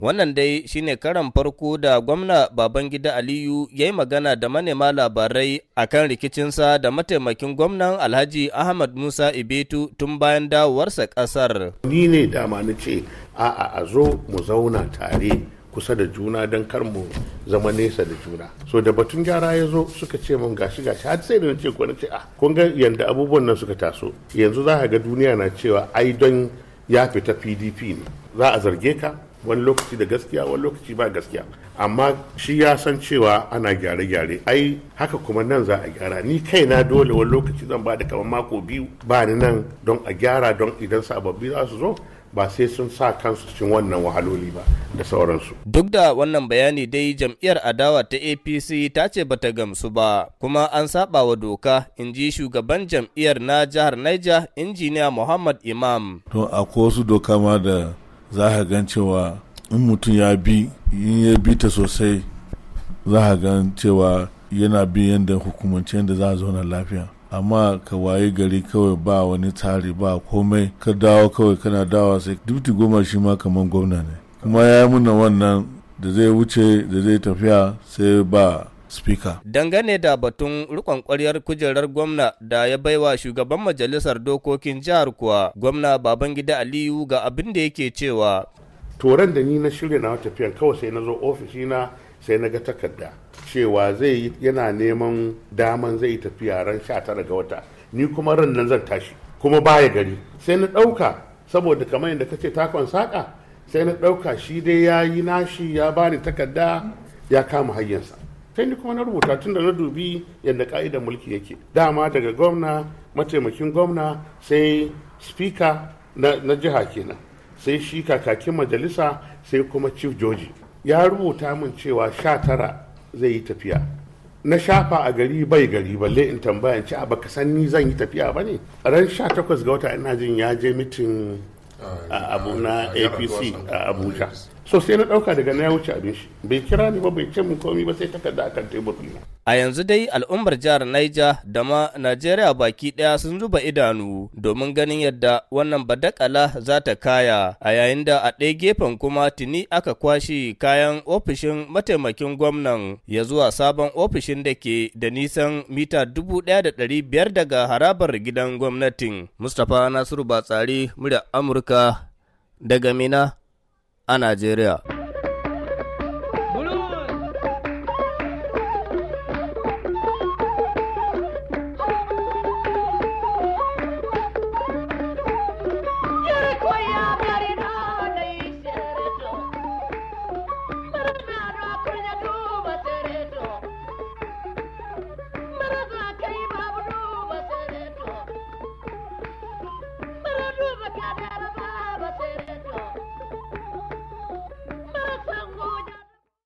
Wannan dai shine karan farko da gwamna Babangida Aliyu ya yi magana da manema labarai a kan rikicinsa da mataimakin gwamnan Alhaji Ahmad Musa Ibetu tun bayan dawowarsa kasar. Ni ne dama na ce, a'a a zo mu zauna tare kusa da juna don kar mu zama nesa da juna. So da batun gyara ya zo suka ce mun gashi gashi har sai da na ce ko na ce a ah, kun ga yanda abubuwan nan suka taso yanzu za ka ga duniya na cewa ai don ya fita PDP ne za a zarge ka wani lokaci da gaskiya wani lokaci ba gaskiya amma shi ya san cewa ana gyare-gyare ai haka kuma nan za a gyara ni kaina dole wani lokaci zan ba da kamar mako biyu ba ni nan don a gyara don idan sababbi za su zo ba sai sun sa kansu cikin wannan wahaloli ba da sauransu. Duk da wannan bayani dai jam'iyyar adawa ta APC ta ce bata gamsu ba kuma an saba wa doka in ji shugaban jam'iyyar na jihar Niger injiniya Muhammad Imam. To akwai wasu doka ma da za ka gan cewa in mutum ya bi in ya bi ta sosai za ka gan cewa yana bi yadda hukumance yadda za a zauna lafiya amma ka waye gari kawai ba wani tsari ba komai ka dawo kawai kana dawa sai dubti goma shi ma kamar gwamna ne kuma ya yi muna wannan da zai wuce da zai tafiya sai ba speaker dangane da batun rikon kwaryar kujerar gwamna da ya baiwa shugaban majalisar dokokin jihar kuwa gwamna babangida aliyu ga abin da yake cewa turan da ni na shirya na tafiyan kawai sai na zo ofishina sai na ga takarda cewa zai yana neman daman zai tafiya ran sha 19 ga wata ni kuma ran nan zan tashi kuma baya gari sai na ɗauka saboda kamar yadda kace takon saƙa sai na ɗauka shi dai ya yi nashi ya bani takarda ya kama hanyarsa sai ni kuma na rubuta tun da na dubi yadda ka'idar mulki yake dama daga gwamna mataimakin gwamna sai spika na jiha kenan sai shi kakakin majalisa sai kuma chief joji ya rubuta min cewa sha tara zai yi tafiya na shafa a gari bai gari balle in tambaya ci a baka san zan yi tafiya ba ne ran sha takwas ga wata ina jin ya je mitin ah, abu na apc a abuja so sai na dauka daga na ya wuce abin shi bai kira ni ba bai ce mun komi ba sai takarda akan tebur na a yanzu dai al'ummar jihar Niger da ma Najeriya baki daya sun zuba idanu domin ganin yadda wannan badakala za ta kaya a yayin da a ɗaya gefen kuma tuni aka kwashi kayan ofishin mataimakin gwamnan ya zuwa sabon ofishin da ke da nisan mita 1,500 daga harabar gidan gwamnatin Mustapha Nasiru Batsari murya Amurka daga Mina a Najeriya.